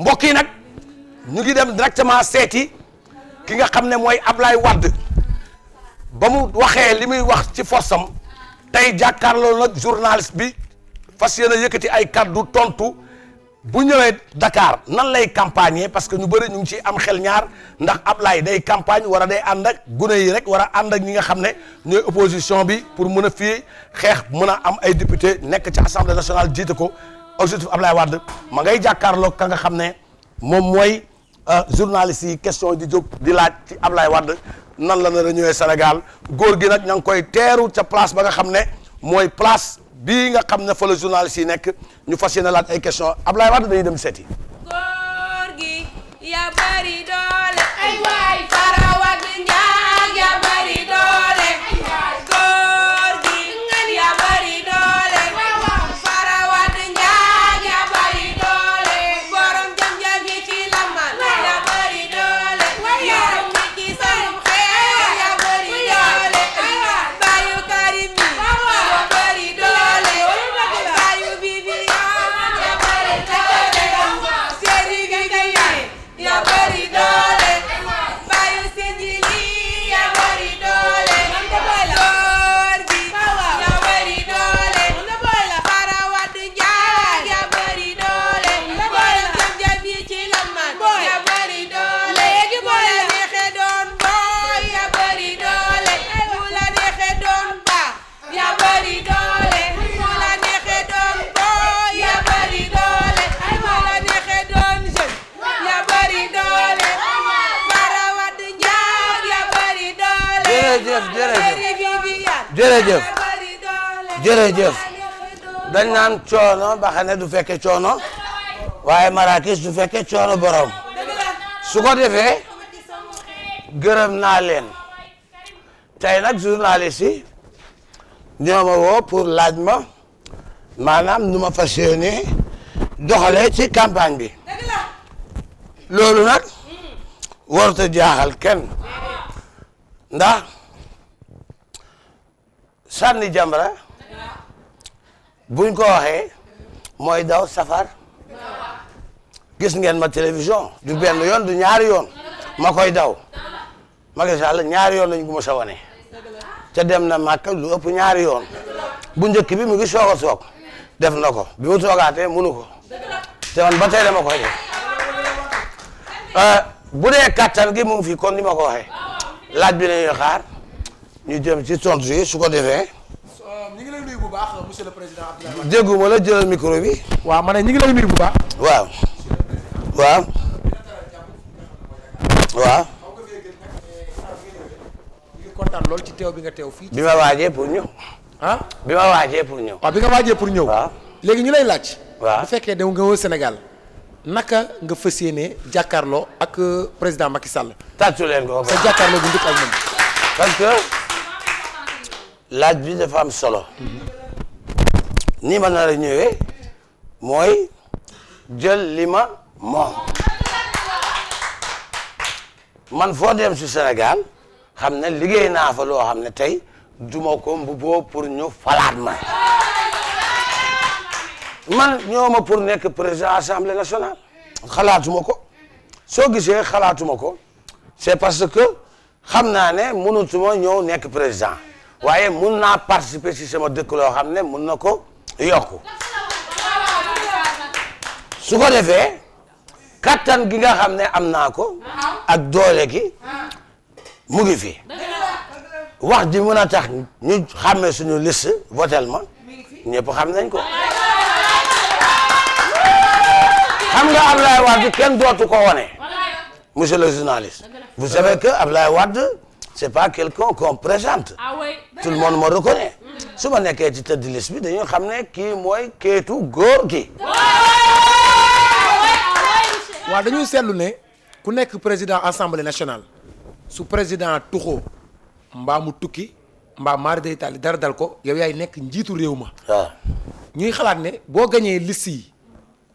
mbokk yi nag ñu ngi dem directement seeti ki nga xam ne mooy Ablaye wadd ba mu waxee li muy wax ci forsam tey jàkkaarloo nag journaliste bi fas yéene yëkkati ay kàddu tontu bu ñëwee Dakar nan lay campagner parce que ñu bëri ñu ngi ciy am xel ñaar ndax Ablaye day campagne war a day ànd ak gune yi rek war a ànd ak ñi nga xam ne ñooy opposition bi pour mën a fii xeex mën a am ay député nekk ci assemblée nationale jiite ko objectif Ablaye Wade ma ngay jàkkaarloo ka nga xam ne moom mooy euh, journaliste yi question yi di jóg di laaj ci Ablaye Wade nan la nar a ñëwee Sénégal góor gi nag ña ngi koy teeru ca place ba nga xam ne mooy place bii nga xam ne fa la journaliste yi nekk ñu fas yéene laaj ay question Ablaye Wade dañuy dem seeti. góor jërëjëf jërëjëf jërëjëf dañ naan coono baxane du fekke coono waaye marakis du fekke coono borom su ko defee gërëm naa leen tey nag journaliste yi ñoo woo pour laaj ma maanaam nu ma fas yéene doxalee ci campagne bi loolu nag warut a jaaxal kenn ndax sànni jàmbara buñ ko waxee mooy daw safar gis ngeen ma télévision du benn yoon du ñaari yoon ma koy daw Macky Sall ñaari yoon lañ ko mos a wane te dem na Màkka lu ëpp ñaari yoon bu njëkk bi mu ngi soog def na ko bi mu toogaatee mënu ko te ba tey dama koy def euh, bu dee kattan gi mu ngi fi kon ni ma ko waxee laaj bi la ñuy xaar. ñu jëm ci tontu yi su ko defee. ñu ngi lay nuyu bu baax monsieur le président Abdoulaye. dégguma la jëlal micro bi. waa ma ne ñu ngi lay nuyu bu baax. waaw. waa waaw. kontaan ci teew bi nga teew fii. bi ma waajee pour ñëw. ah bi ma waajee pour ñëw. waaw bi nga waajee pour ñëw. waaw léegi ñu lay laaj. waaw bu fekkee da nga wër Sénégal naka nga fas yéenee jàkkaarloo ak euh, président Macky Sall. tàccu leen ko sa jàkkaarloo bu njëkk ak moom. parce laaj bi dafa am solo nii ma nar a ñëwee mooy jël li ma moom man foo dem si Sénégal xam ne liggéey naa fa xam ne tey duma ko mbuboo pour ñu falaat ma man ñooma pour nekk président assemblée nationale xalaatuma ko soo gisee xalaatuma ko c'est parce que xam naa ne mënutuma ñëw nekk président waaye mun naa participer si dëkk loo xam ne mun na ko yokku su ko defee kattan gi nga xam ne am naa ko ak doole gi mu fi wax ji mën a tax ñu xàmmee suñu liste votel ma ñëpp xam nañ ko xam nga Ablaye Wade kenn dootu ko wone monsieur le journaliste vous savez que Ablaye Wade c'est pas quelqu'un qu'on présent ah oui tout le monde me reconnaît. Mm. su ma nekkee ci tête de liste bi dañuy xam ne kii mooy keetu góor gi. waaw dañuy seetlu ne ku nekk président assemblée nationale su président tuxoo mbaa mu tukki mbaam maari day taali dara dal ko yow yaay nekk njiitu réew ma. waaw ah. ñuy xalaat ne boo gañee liste yi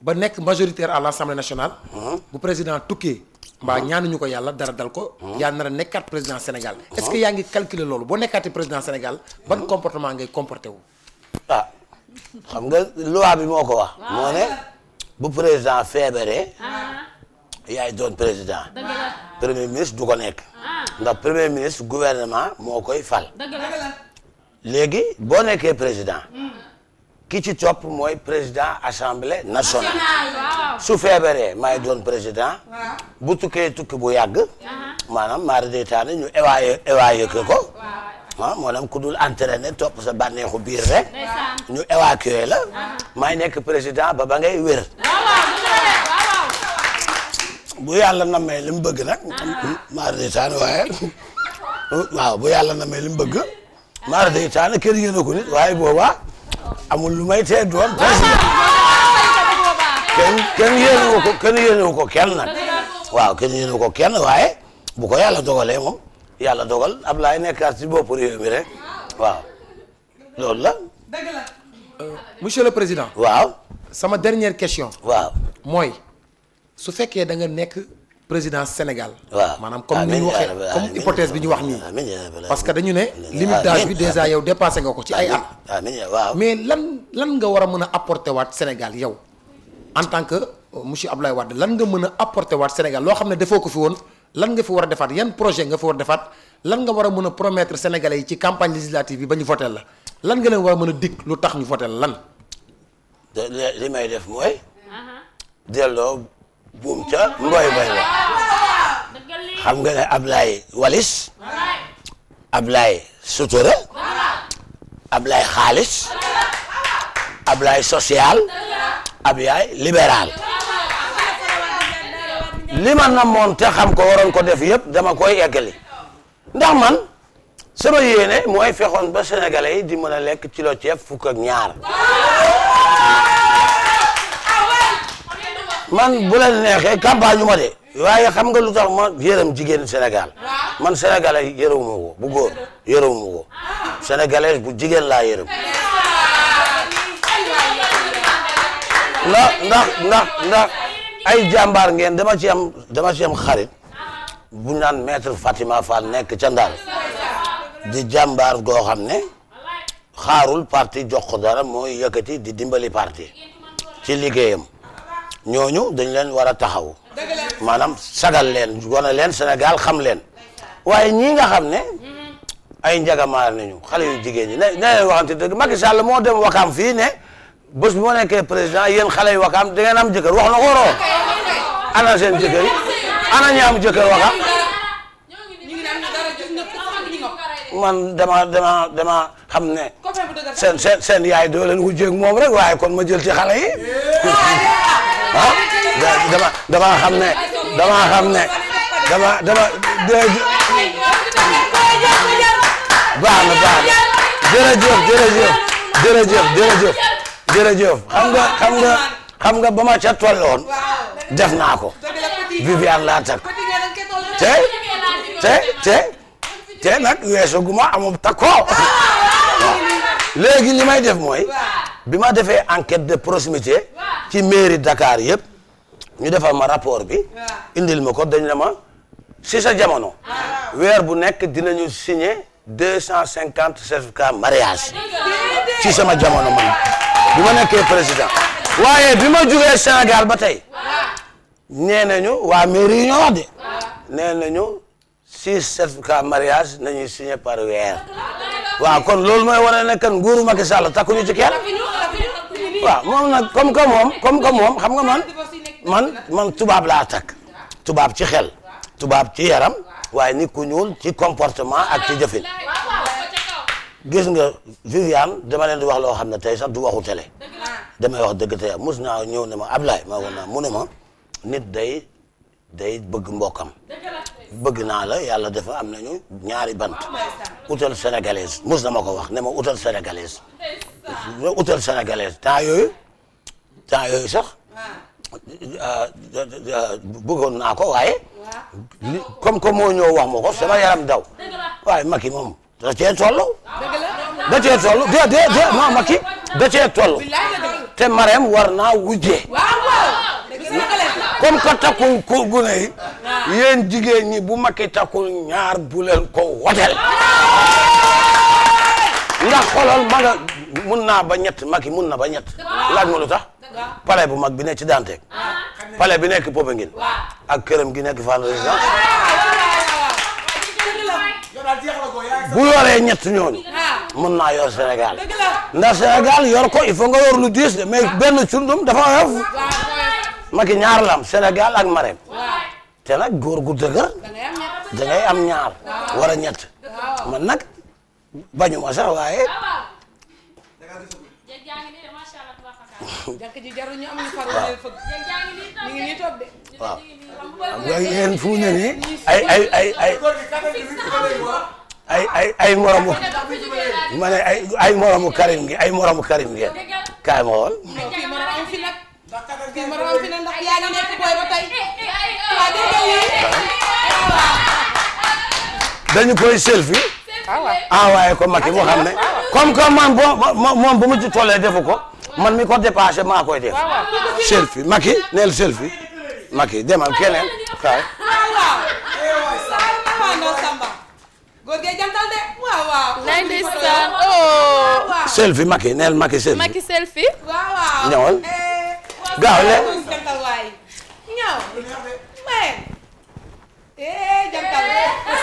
ba nekk majoritaire à l'assemblée nationale. Mm-hmm. bu président tukkee. mbaa ñaanuñu ko yàlla dara dal ko yaa nar a nekkaat président Sénégal est-ce que yaa ngi calculer loolu boo nekkaatee président Sénégal ban comportement ngay comporté wu ah xam nga loi bi moo ko wax moo ne bu président feebaree ah. yaay doon président premier ministre du ko nekk ah. ndax premier ministre gouvernement moo koy fal léegi boo nekkee président ki ci topp mooy président assemblée nationale su feebaree may doon président bu tukkee tukki bu yàgg uh-huh. maanaam maari day taane ñu évalué évalué ko ah maanaam ku dul entraîné topp sa bànneexu biir rek ñu évacué la uh-huh. maay nekk président ba ba ngay wér bu yàlla namee li mu bëgg nag uh-huh. maari day taane waaye bu yàlla namee li mu bëgg maari taane kër yéen a nit waaye boobaa amul lu may tee doon président kenn kenn yéenewu ko ko kenn nag waaw kenn yéenewu ko kenn waaye bu ko yàlla dogalee moom yàlla dogal Ablaye nekkaat ci bopp réew mi rek waaw loolu la. monsieur le président. waaw. sama dernière question. waaw mooy su fekkee da nekk. président Sénégal. waaw maanaam comme ni ñu hypothèse bi ñu wax nii. parce que dañu ne. limite d'âge bi déjà yow dépassé nga ko ci ay at. mais lan lan nga war a mën a apporter waat Sénégal yow en tant que euh, monsieur Abdoulaye Wade lan nga mën a apporter waat Sénégal loo xam ne defoo ko fi woon lan nga fi war a defaat yan projet nga fi war a defaat lan nga war a mën a promettre Sénégalais yi ci campagne législative bi ba ñu voté la lan nga leen war a mën a dikk lu tax ñu voté la lan. li may def mooy. delloo. buum ca mbooy mbooy ba xam nga ne Ablaye walis Ablaye sutura Ablaye xaalis Ablaye social Ablaye libéral li ma namoon te xam ko waroon ko def yëpp dama koy eggali ndax man sama yéene mooy fexoon ba sénégalais yi di mën a lekk kilo ceeb fukk ak ñaar man bu la neexee campagne ñu ma de waaye xam nga lu tax ma yërëm jigéenu senegal man sénégalais yërëmu ma ko bu góor yërëmu ma ko ah. sénégalais bu jigéen laa yërëm ndax ndax ndax ndax ay jàmbaar ngeen dama ci am dama ci bu naan maître Fatima Fall nekk ca Ndar di jàmbaar goo xam ne xaarul parti jox ko dara mooy yëkkati di dimbali parti ci liggéeyam ñooñu dañ leen war a taxaw maanaam sagal leen wane leen Sénégal xam leen waaye ñii nga xam ne ay njagamaar nañu xale yu jigéen ñi ne na leen waxante dëgg Macky Sall moo dem wakaam fii ne bés bu ma nekkee président yéen xale yu wakaam da ngeen am jëkkër wax na ko waroo ana am jëkkër man dama dama dama xam ne seen seen yaay doo leen wujjeeg moom rek waaye kon ma jël ci xale yi ah dama dama ne dama xam ne dama dama baax na baax na jërëjëf jërëjëf jërëjëf jërëjëf jërëjëf xam nga xam nga ba ma ca tolloon def naa ko Viviane laa takk te te te na nag weesu gu ma amul takkoo léegi li may def mooy bi ma defee enquête de proximité ci mairie Dakar yëpp ñu defal ma rapport bi indil ma ko dañ la ma si sa jamono ah. weer bu nekk dinañu signer deux cent cinquante certificats mariage ci ah, ah, sama jamono man bi ma nekkee président waaye bi ma jugee Sénégal ba tey nee nañu waa mairie yi ñoo wax de nee nañu six certificats mariage nañuy signer par weer waaw kon loolu mooy wane ne kan nguuru Macky Sall takkuñu ci kenn waaw moom nag comme moom comme que moom xam nga man man man tubaab laa tak tubaab ci xel tubaab ci yaram waaye nit ku ñuul ci comportement ak ci jëfin gis nga Viviane dama leen di wax loo xam ne tey sax du waxu télé damay wax dëgg tey mus naa ñëw ne ma Ablaye ma woon naa mu ne ma nit day day bëgg mbokkam bëgg naa la yàlla dafa am nañu ñaari bant utal sénégalaise mus na ma ko wax nema ma utal nga utal sénégalaise temps yooyu temps yooyu sax euh, euh, euh, bëggoon naa ko waaye comme que moo ñëw wax ma ko sama yaram daw waaye Macky moom da cee toll da cee toll de de de ma Macky da cee toll te Marème war naa wujjee comme que takkul ko gune yi jigéen ñi bu Macky takkul ñaar bu ko woteel ndax xolol ma mun naa ba ñett Macky mun na ba ñett laaj ma lu pale bu mag bi nekk ci Dantec palais bi nekk Popenguine ah. ak këram gi nekk Fann Résidence bu yoree ñett ñooñu ah. mun naa yor Sénégal ndax Sénégal yor ko il faut nga yor lu diis de mais ah. benn cundum dafa woyof Macky ñaar lam am ak Marème te nag góor gu dëgër da am ñaar wala ñett man nag bañuma sax waaye jàkk ji jarul ñu am ñu waaw xam nga yéen nii ay ay ay ay ay ay ay moromu ne ay ay moromu Karim ngi ay moromu Karim ngeen kaay ma woon fii ma doon fi ne ndax yaa ngi nekk booy dañu koy selfie ah, envoyé ko Macky mu xam ne ah, comme que man boo moom bu mu ci tollee defu ko man mi ko dépassé maa koy def. selfie Macky neel selfie Macky demal keneen kaay. selfie Macky neel Macky selfie. Macky gaaw leen.